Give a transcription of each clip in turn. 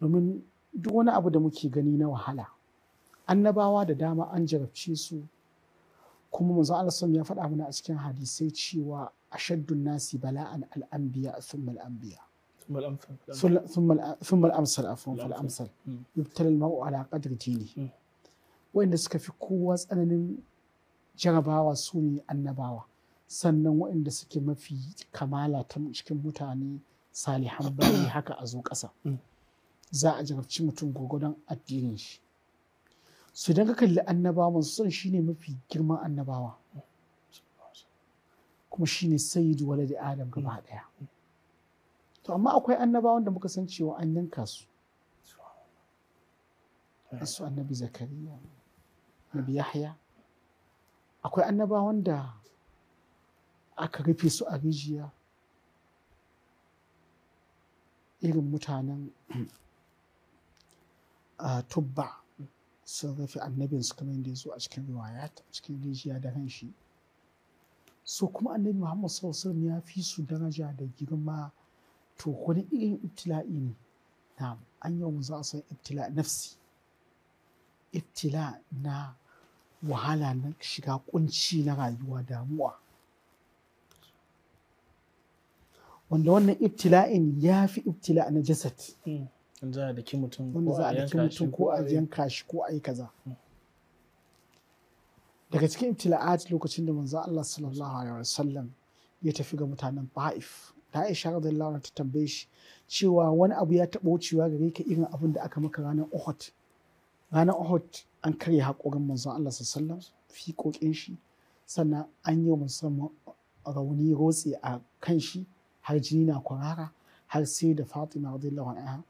domin duk wani abu da muke gani na wahala annabawa da dama an jarabce su kuma manzo Allah ya faɗa mana a cikin hadisai cewa ashaddun nasi bala'an al'anbiya thumma al'anbiya thumma al'amsal yubtala al-mar'u ala qadri dini hmm. wanda suka fi kowa tsananin jarabawa su ne annabawa sannan waɗanda suke mafi kamala ta cikin mutane salihan bayi haka a zo ƙasa. Hmm. za a jarabci mutum gwagwadon addinin shi su idan ka kalli annabawa masu shi shine mafi girman annabawa kuma shine sayyidu wala da adam gaba daya to amma akwai annabawan da muka san cewa an yanka su su annabi zakariya annabi yahya akwai annabawan da aka rufe su a rijiya irin mutanen tubba sun rufe su kamar yadda zo a cikin riwaya a cikin rijiya da ran shi so kuma annabi muhammad sallallahu ya fi su daraja da girma to wani irin ibtila'i ne na an yau za a san ibtila nafsi ibtila na wahala na shiga kunci na rayuwa damuwa wanda wannan ibtila'in ya fi ibtila na jasad hmm. za a daki mutum ko a yanka shi ko a yi kaza daga cikin ibtila'at lokacin da manzo Allah sallallahu alaihi wasallam ya tafi ga mutanen Ba'if da Aisha radiyallahu anha ta tambaye shi cewa wani abu ya taɓa wucewa gare ka irin abin da aka maka ranar Uhud ranar Uhud an karya hakorin manzo Allah sallallahu alaihi wasallam fi kokin shi sannan an yi musamman rauni rotse a kan shi har jini na kwarara har sai da Fatima radiyallahu anha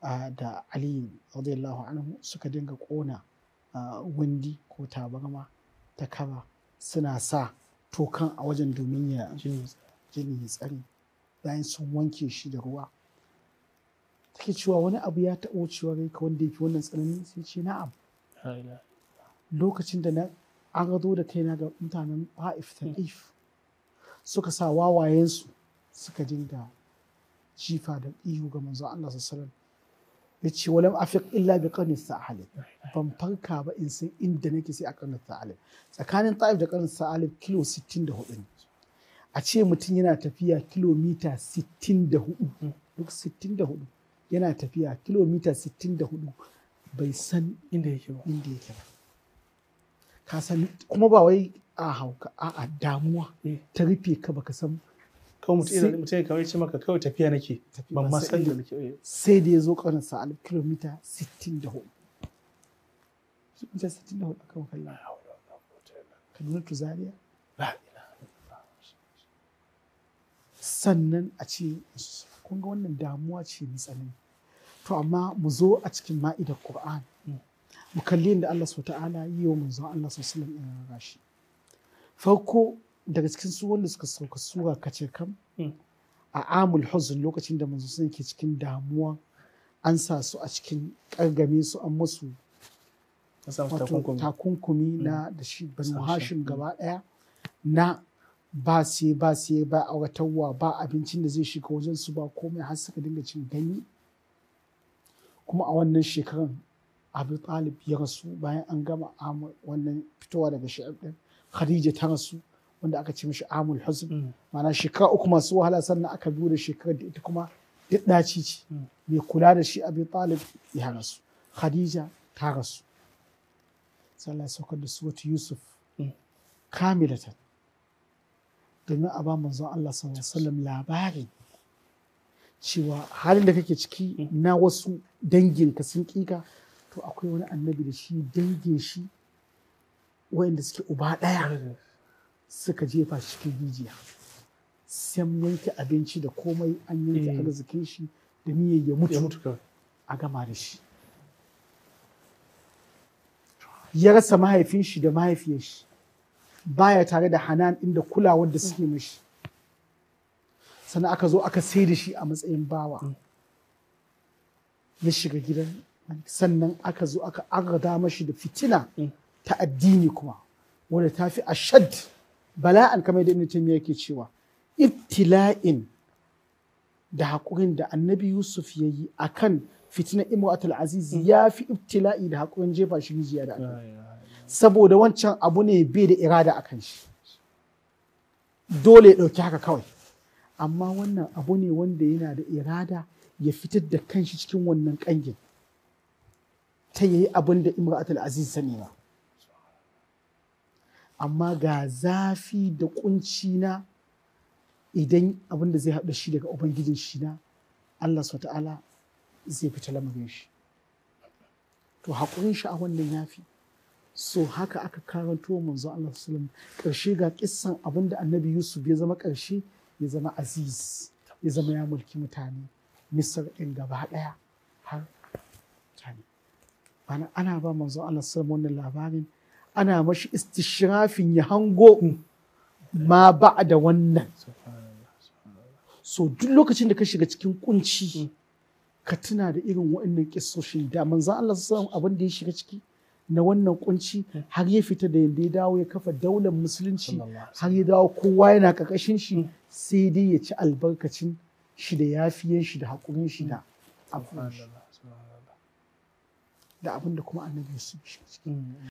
da aliyu radiyallahu anhu suka dinga kona wundi ko tabarma ta kaba suna sa tokan a wajen domin ya jini ya tsare bayan sun wanke shi da ruwa take cewa wani abu ya taɓo cewa rai ka wanda yake wannan tsanani sai ce na'am lokacin da na an gado da kaina ga mutanen ta'if hmm. ta'if suka sa wawayensu suka dinga jifa da ihu ga manzo Allah sallallahu ya ce walam afiq illa bi qarni sa'alif ban farka ba in san inda nake sai a qarni sa'alif tsakanin ta'if da qarni sa'alif kilo 64 ne a ce mutum yana tafiya kilomita 64 duk 64 yana tafiya kilomita 64 bai san inda yake ba inda yake ba ka san kuma ba wai a hauka a damuwa eh. ta rufe ka ba ka san kawai mutum ina mutum kawai ce maka kawai tafiya nake ban ma san da nake sai da ya zo ƙaunar sa alif kilomita 64 kilomita 64 akan kallon kaduna to zaria sannan a ce kun ga wannan damuwa ce mai tsanani to amma mu zo a cikin ma'idar Qur'an hmm. mu kalli inda Allah subhanahu ta'ala yi wa manzon Allah sallallahu alaihi wasallam rashi farko daga cikin su wanda suka sauka sura ce kam hmm. a amul huzun lokacin da manzo sun ke cikin damuwa an sa su a cikin kargame su an musu takunkumi hmm. na da shi banu hashim gaba daya na ba sai ba sai ba auratarwa ba abincin da zai shiga wajen su ba komai har suka dinga cin gani kuma a wannan shekaran abu talib ya rasu bayan an gama wannan fitowa daga shi'ab ɗin khadija ta rasu wanda aka ce mishi amul husn mm. ma'ana shekara uku masu wahala sannan aka biyo da shekarar da ita kuma duk daci ce mm. mai kula da shi abin talib ya rasu khadija ta rasu sallah saukar da wata yusuf mm. kamilatan domin a ba manzon Allah sallallahu alaihi wasallam labarin cewa halin da kake ciki na wasu dangin ka sun kika to akwai wani annabi da shi dangin shi wayanda suke uba ɗaya suka jefa shi cikin rijiya sun yanke abinci da komai an yanke eh. arzikin shi da niyyar ya mutu a gama da shi ya rasa mahaifin shi da mahaifiyar shi baya tare da hanan inda kulawar da suke mashi sannan aka zo aka sai da shi a matsayin bawa mm. ya shiga gidan sannan aka zo aka arda mashi da fitina mm. ta addini kuma wadda ta fi ashad bala'an kamar da ibn taymiya yake cewa ibtila'in da haƙurin da annabi yusuf ya yi a kan fitinar imratul aziz mm. ya fi ibtila'i da haƙurin jefa shi rijiya da aka saboda wancan abu ne bai da irada a kan shi dole ya ɗauki haka kawai amma wannan abu ne wanda yana da irada ya fitar da kanshi cikin wannan ƙangin ta yi abin da imratul aziz sani amma ga zafi da kunci na idan abin da zai haɗa shi daga ubangijin shi na Allah su ta'ala zai fita lamarin shi to haƙurin shi a wannan yafi so haka aka karanto manzo Allah sallam ƙarshe ga ƙisan abin da annabi Yusuf ya zama ƙarshe ya zama aziz ya zama ya mulki mutane misar ɗin gaba ɗaya har mutane ana ba manzo Allah sallam wannan labarin ana mashi istishrafin ya hango ma ba da wannan so duk lokacin da ka shiga cikin kunci ka tuna da irin waannan kisoshin da manzan Allah sallallahu abin da ya shiga ciki na wannan kunci har ya fita da yadda ya dawo ya kafa daular musulunci har ya dawo kowa yana kakashin shi sai dai ya ci albarkacin shi da yafiyan shi da haƙurin shi da abin da kuma annabi su ciki